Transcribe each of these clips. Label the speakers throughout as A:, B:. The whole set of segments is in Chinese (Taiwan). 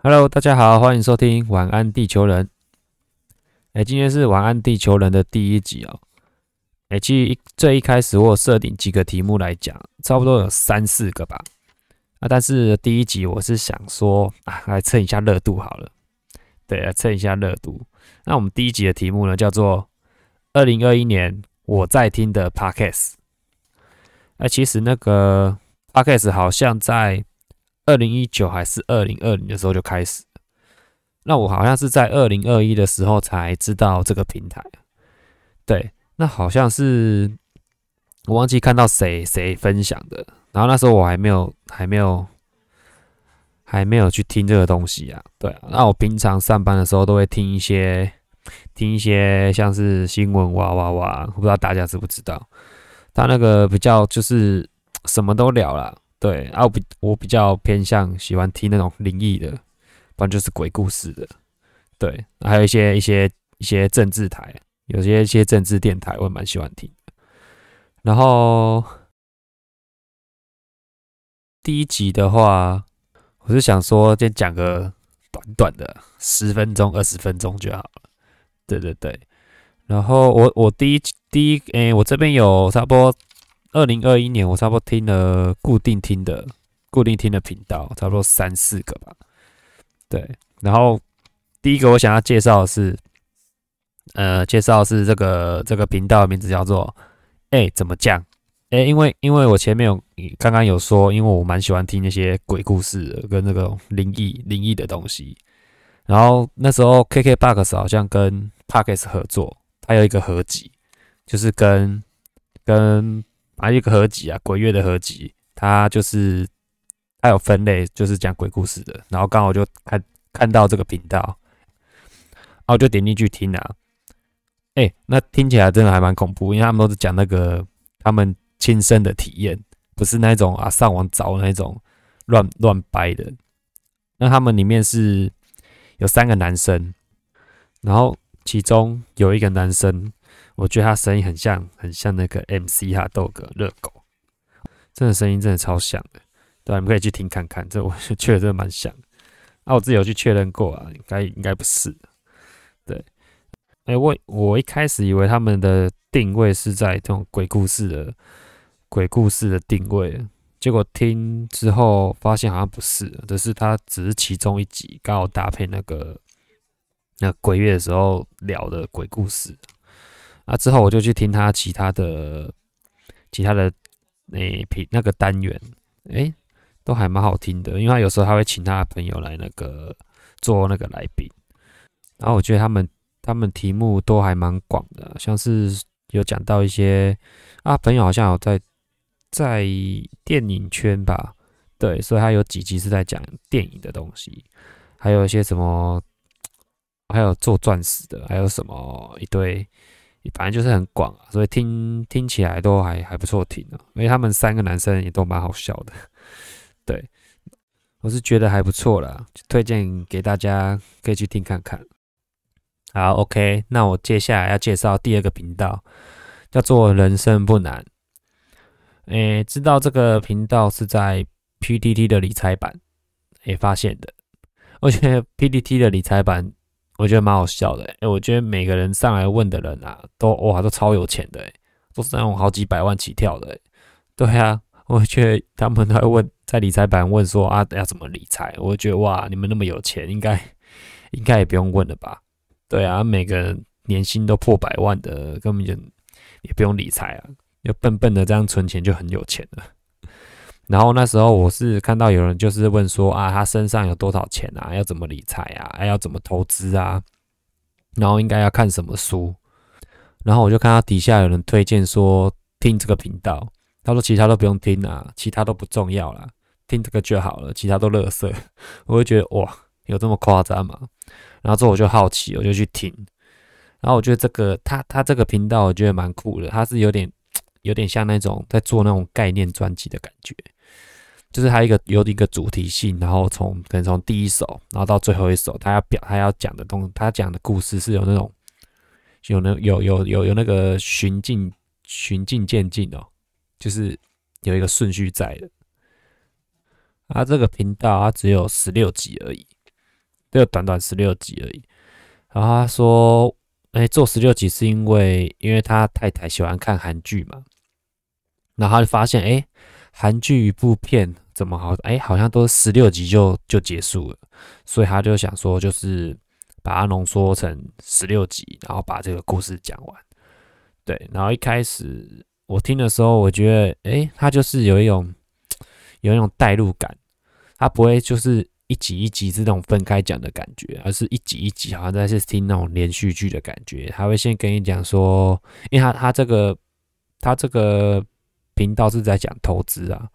A: Hello，大家好，歡迎收聽《晚安地球人》。誒，今天是《晚安地球人》的第一集哦。誒其實一最一開始我設定幾個題目來講，差不多有三四個吧。啊，但是第一集我是想說啊，來蹭一下熱度好了。對，來蹭一下熱度。那我們第一集的題目呢，叫做《2021年我在聽的 Podcast》啊。誒，其實那個 Podcast 好像在。二零一九還是二零二零的時候就開始了，那我好像是在二零二一的時候才知道這個平台，對，那好像是我忘記看到誰誰分享的，然後那時候我還沒有還沒有還沒有去聽這個東西啊，對啊，那我平常上班的時候都會聽一些聽一些像是新聞哇哇哇，不知道大家知不知道，他那個比較就是什麼都聊了。對啊，我比我比較偏向喜歡聽那種靈異的，不然就是鬼故事的。對，還有一些一些一些政治台，有一些一些政治電台我也蠻喜歡聽的。然後第一集的話，我是想說先講個短短的十分鐘、二十分鐘就好了。對對對。然後我我第一第一，哎、欸，我這邊有差不多。二零二一年，我差不多聽了固定聽的、固定聽的頻道，差不多三四個吧。對，然後第一個我想要介紹的是，呃，介紹是這個這個頻道的名字叫做“哎、欸、怎麼講？哎、欸，因為因為我前面有剛剛有說，因為我蠻喜歡聽那些鬼故事跟那個靈異靈異的東西。然後那時候 KKBOX 好像跟 Pockets 合作，他有一個合集，就是跟跟。啊，一個合集啊，鬼月的合集，他就是他有分類，就是講鬼故事的。然後剛好就看看到這個頻道，然後我就點進去聽啊。哎、欸，那聽起來真的還蠻恐怖，因為他們都是講那個他們親身的體驗，不是那種啊上網找的那種亂亂掰的。那他們裡面是有三個男生，然後其中有一個男生。我覺得他聲音很像，很像那個 MC 哈豆哥熱狗，真的聲音真的超像的。對、啊，你們可以去聽看看，這我確實真的蠻像。啊，我自己有去確認過啊，應該應該不是。對、欸，哎，我我一開始以為他們的定位是在這種鬼故事的鬼故事的定位，結果聽之後發現好像不是，只是他只是其中一集，剛好搭配那個那個鬼月的時候聊的鬼故事。啊！之後我就去聽他其他的、其他的那批、欸、那個單元，哎、欸，都還蠻好聽的。因為他有時候他會請他的朋友來那個做那個來賓，然後我覺得他們他們題目都還蠻廣的，像是有講到一些啊，朋友好像有在在電影圈吧，對，所以他有幾集是在講電影的東西，還有一些什麼，還有做鑽石的，還有什麼一堆。反正就是很廣啊，所以聽聽起來都還還不錯聽呢、喔。因為他們三個男生也都蠻好笑的，對，我是覺得還不錯啦，就推薦給大家可以去聽看看。好，OK，那我接下來要介紹第二個頻道，叫做“人生不難”欸。誒，知道這個頻道是在 PTT 的理財版也、欸、發現的，而且 PTT 的理財版，我覺得蠻好笑的、欸，誒、欸、我覺得每個人上來問的人啊，都哇都超有錢的、欸，都是那種好幾百萬起跳的、欸，對啊，我覺得他們都會問在理財版問說啊要怎麼理財，我覺得哇你們那麼有錢，應該應該也不用問了吧，對啊，每個人年薪都破百萬的，根本就也不用理財啊，就笨笨的這樣存錢就很有錢了。然後那時候我是看到有人就是問說啊，他身上有多少錢啊？要怎麼理財啊？還要怎麼投資啊？然後應該要看什麼書？然後我就看到底下有人推薦說聽這個頻道。他說其他都不用聽啊，其他都不重要啦，聽這個就好了，其他都垃圾。我就覺得哇，有這麼誇張嗎？然後之後我就好奇，我就去聽。然後我覺得這個他他這個頻道我覺得蠻酷的，他是有點有點像那種在做那種概念專輯的感覺。就是他一個有一個主題性，然後從可能從第一首，然後到最後一首，他要表他要講的東西，他講的故事是有那種有那有有有有那個循進循進漸進哦，就是有一個順序在的。他這個頻道他只有十六集而已，只有短短十六集而已。然後他說：“哎、欸，做十六集是因為因為他太太喜歡看韓劇嘛，然後他就發現哎。欸”韓劇一部片怎麼好？哎、欸，好像都十六集就就結束了，所以他就想說，就是把它濃縮成十六集，然後把這個故事講完。對，然後一開始我聽的時候，我覺得，哎、欸，他就是有一種有一種代入感，他不會就是一集一集是那種分開講的感覺，而是一集一集好像在是聽那種連續劇的感覺。他會先跟你講說，因為他他這個他這個。頻道是在講投資啊，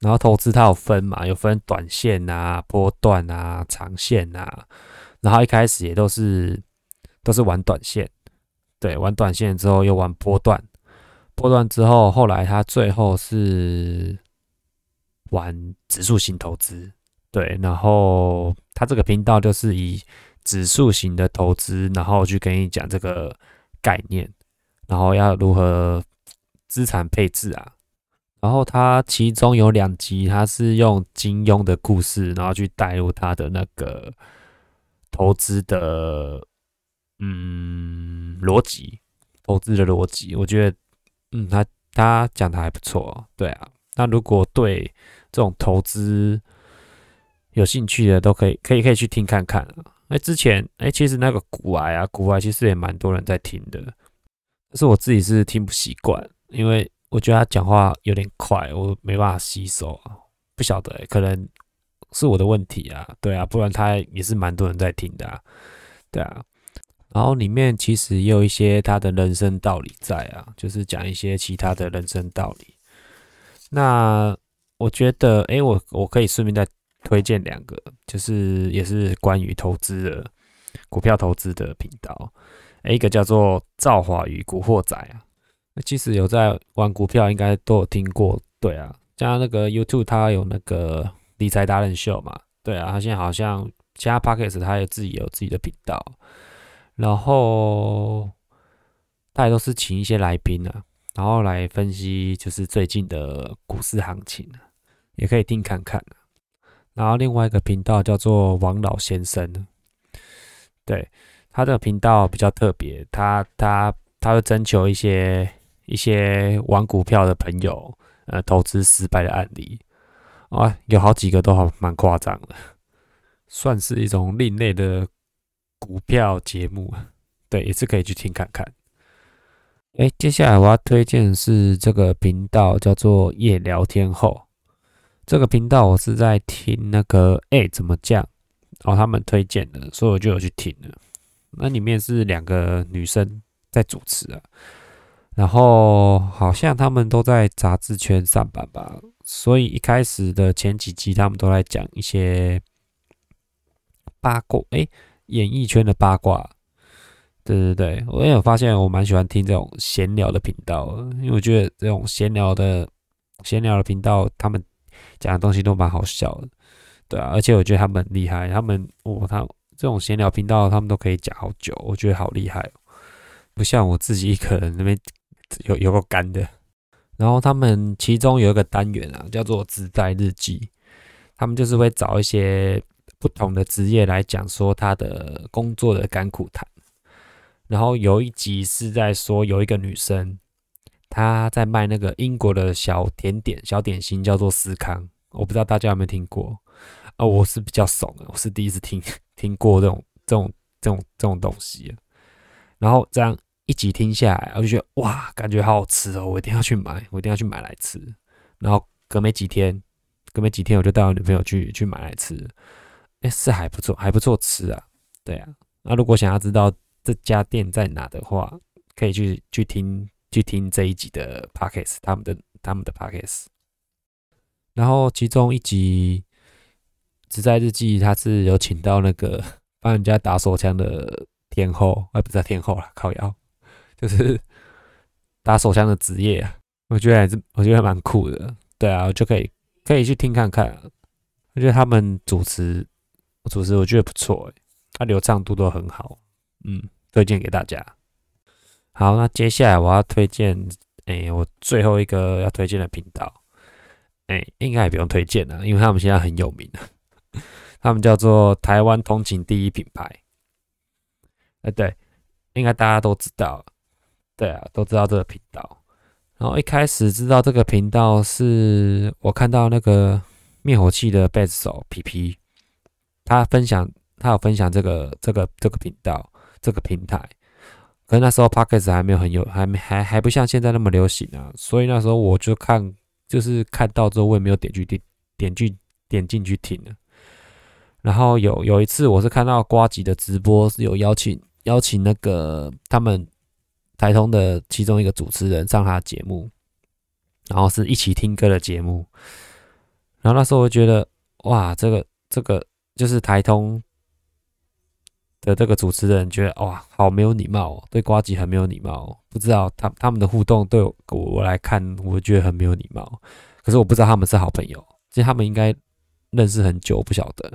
A: 然後投資它有分嘛，有分短線啊、波段啊、長線啊。然後一開始也都是都是玩短線，對，玩短線之後又玩波段，波段之後，後來他最後是玩指數型投資，對。然後他這個頻道就是以指數型的投資，然後去跟你講這個概念，然後要如何。資產配置啊，然後他其中有兩集，他是用金庸的故事，然後去帶入他的那個投資的嗯邏輯，投資的邏輯，我覺得嗯他他講的還不錯，對啊，那如果對這種投資有興趣的，都可以可以可以去聽看看啊。那，欸，之前，哎，欸，其實那個股癌啊，股癌其實也蠻多人在聽的，但是我自己是聽不習慣。因為我覺得他講話有點快，我沒辦法吸收啊，不曉得，可能是我的問題啊，對啊，不然他也是蠻多人在聽的啊，對啊，然後裡面其實也有一些他的人生道理在啊，就是講一些其他的人生道理。那我覺得，哎，我我可以順便再推薦兩個，就是也是關於投資的股票投資的頻道，誒，一個叫做“造華與古惑仔”啊。其實有在玩股票，應該都有聽過，對啊，加那個 YouTube，它有那個理財達人秀嘛，對啊，它現在好像加 Podcast，他也自己有自己的頻道，然後大家都是請一些來賓啊，然後來分析就是最近的股市行情啊，也可以聽看看啊。然後另外一個頻道叫做王老先生，對，他的頻道比較特別，他他他會徵求一些。一些玩股票的朋友，呃，投資失敗的案例啊，哦，有好幾個都好蠻誇張的，算是一種另類的股票節目，對，也是可以去聽看看。誒、欸，接下來我要推薦的是這個頻道，叫做夜聊天後。這個頻道我是在聽那個誒、欸，怎麼講？然後，哦、他們推薦的，所以我就有去聽了。那裡面是兩個女生在主持啊。然後好像他們都在雜誌圈上班吧，所以一開始的前幾集他們都在講一些八卦，哎，演藝圈的八卦。對對對，我也有發現，我蠻喜歡聽這種閒聊的頻道的，因為我覺得這種閒聊的閒聊的頻道，他們講的東西都蠻好笑的。對啊，而且我覺得他們很厲害，他們，我、哦，他這種閒聊頻道，他們都可以講好久，我覺得好厲害、哦。不像我自己一個人那邊有有個干的，然後他們其中有一個單元啊，叫做《自在日記》，他們就是會找一些不同的職業來講說他的工作的甘苦談。然後有一集是在說有一個女生，她在賣那個英國的小甜點小點心，叫做司康。我不知道大家有沒有聽過啊，我是比較慫的，我是第一次聽聽過這種這種這種這種東西，啊。然後這樣。一集聽下來，我就覺得哇，感覺好好吃哦！我一定要去買，我一定要去買來吃。然後隔沒幾天，隔沒幾天我就帶我女朋友去去買來吃。哎、欸，是還不錯，還不錯吃啊！對啊。那如果想要知道這家店在哪的話，可以去去聽去聽這一集的 podcast，他們的他們的 podcast。然後其中一集《只在日記》，他是有請到那個幫人家打手槍的天後，哎，不是、啊、天后啦，靠腰。就是打手槍的職業啊，我覺得還是我覺得蠻酷的。對啊，我就可以可以去聽看看。我覺得他們主持主持，我覺得不錯欸、他流暢度都很好。嗯，推薦給大家。好，那接下來我要推薦哎、欸，我最後一個要推薦的頻道哎、欸，應該也不用推薦了，因為他們現在很有名啊。他們叫做台灣通勤第一品牌。哎、欸，對，應該大家都知道。對啊，都知道這個頻道。然後一開始知道這個頻道，是我看到那個滅火器的貝斯手皮皮，PP, 他分享，他有分享這個這個這個頻道這個平台。可那時候 Podcast 還沒有很有，還沒還還不像現在那麼流行啊。所以那時候我就看，就是看到之後我也沒有點去點點去點進去聽的。然後有有一次我是看到呱吉的直播，是有邀請邀請那個他們。台通的其中一個主持人上他節目，然後是一起聽歌的節目，然後那時候我就覺得，哇，這個這個就是台通的這個主持人覺得，哇，好沒有禮貌哦，對呱吉很沒有禮貌，不知道他他們的互動對我我來看，我覺得很沒有禮貌，可是我不知道他們是好朋友，其實他們應該認識很久，不曉得，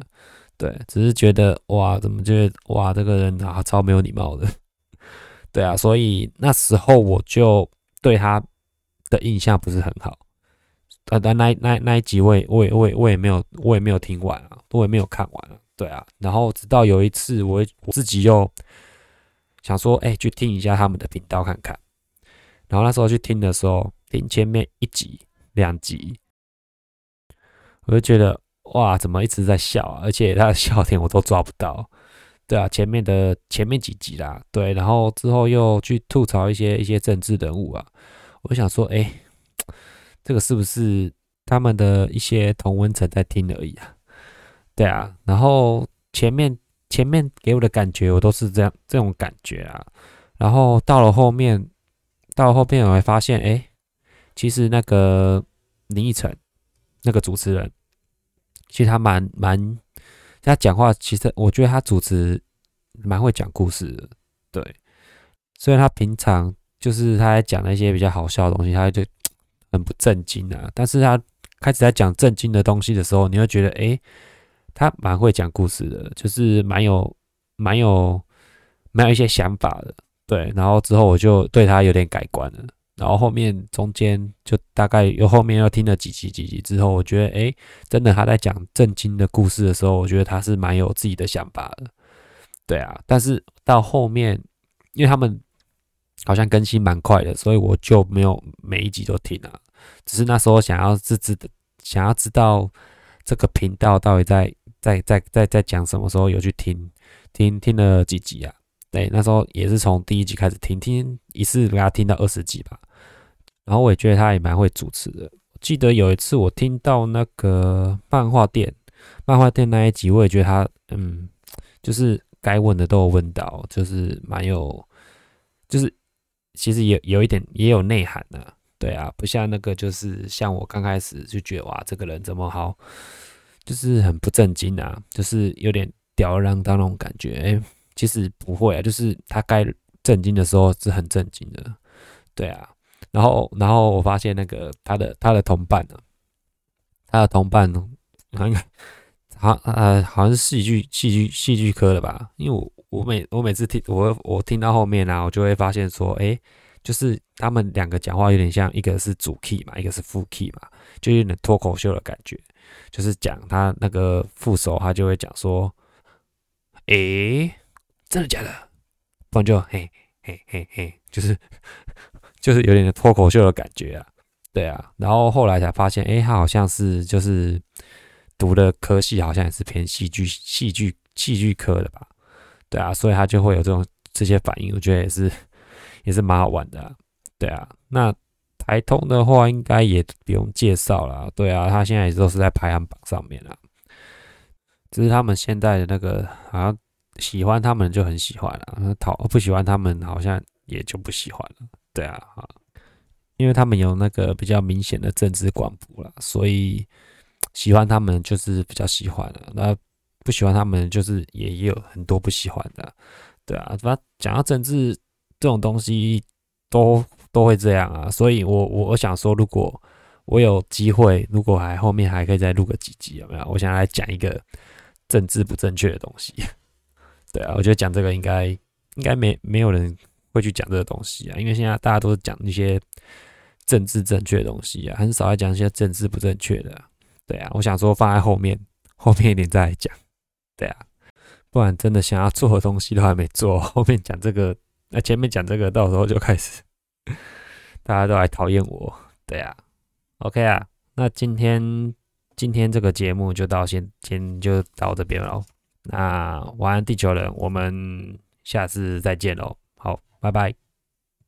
A: 對，只是覺得，哇，怎麼覺得，哇，這個人啊，超沒有禮貌的。對啊，所以那時候我就對他的印象不是很好。呃，那那那那幾位，我也我也我也沒有，我也沒有聽完啊，我也沒有看完啊。對啊，然後直到有一次我，我我自己又想說，哎、欸，去聽一下他們的頻道看看。然後那時候去聽的時候，聽前面一集、兩集，我就覺得哇，怎麼一直在笑啊？而且他的笑點我都抓不到。對啊，前面的前面幾集啦，對，然後之後又去吐槽一些一些政治人物啊，我想說，哎，這個是不是他們的一些同溫層在聽而已啊？對啊，然後前面前面給我的感覺我都是這樣這種感覺啊，然後到了後面，到了後面我還發現，哎，其實那個林奕晨那個主持人，其實他蠻蠻。他講話其實，我覺得他主持蠻會講故事的，對。雖然他平常就是他在講那些比較好笑的東西，他就很不正經啊。但是他開始在講正經的東西的時候，你會覺得，誒、欸，他蠻會講故事的，就是蠻有、蠻有、蠻有一些想法的，對。然後之後我就對他有點改觀了。然後後面中間就大概又後面又聽了幾集幾集之後，我覺得哎，真的他在講正經的故事的時候，我覺得他是蠻有自己的想法的，對啊。但是到後面，因為他們好像更新蠻快的，所以我就沒有每一集都聽了，啊。只是那時候想要自知的，想要知道這個頻道到底在在在在在，在，在講什麼，時候有去聽聽聽了幾集啊？對，那時候也是從第一集開始聽，聽一次給他聽到二十集吧。然後我也覺得他也蠻會主持的。記得有一次我聽到那個漫畫店，漫畫店那一集我也覺得他，嗯，就是該問的都有問到，就是蠻有，就是其實有有一點也有內涵的啊。對啊，不像那個就是像我剛開始就覺得哇，這個人怎麼好，就是很不正經啊，就是有點吊兒郎當那種感覺。誒，其實不會啊，就是他該正經的時候是很正經的。對啊。然後，然後我發現那個他的他的同伴呢，他的同伴呢，伴好像，好、啊、呃、啊啊，好像是戲劇戲劇戲劇科的吧？因為我我每我每次聽我我聽到後面呢、啊，我就會發現說，哎，就是他們兩個講話有點像，一個是主 key 嘛，一個是副 key 嘛，就有點脫口秀的感覺，就是講他那個副手，他就會講說，哎，真的假的？不然就嘿嘿嘿嘿，就是。就是有點脫口秀的感覺啊，對啊，然後後來才發現，哎、欸，他好像是就是讀的科系，好像也是偏戲劇、戲劇、戲劇科的吧，對啊，所以他就會有這種這些反應，我覺得也是也是蠻好玩的、啊，對啊。那台通的話，應該也不用介紹了，對啊，他現在也都是在排行榜上面了，只是他們現在的那個好像喜歡他們就很喜歡了，討不喜歡他們好像也就不喜歡了。對啊，因為他們有那個比較明顯的政治廣播啦，所以喜歡他們就是比較喜歡了啊。那不喜歡他們就是也，也有很多不喜歡的啊。對啊，那講到政治這種東西都都會這樣啊。所以我，我我我想說，如果我有機會，如果還後面還可以再錄個幾集，有沒有？我想來講一個政治不正確的東西。對啊，我覺得講這個應該應該沒沒有人。去講這個東西啊，因為現在大家都是講一些政治正確的東西啊，很少來講一些政治不正確的、啊，對啊。我想說放在後面，後面一點再來講，對啊，不然真的想要做的東西都還沒做，後面講這個，那、啊、前面講這個，到時候就開始大家都來討厭我，對啊。OK 啊，那今天今天這個節目就到先先就到這邊嘍。那晚安地球人，我們下次再見嘍。拜拜。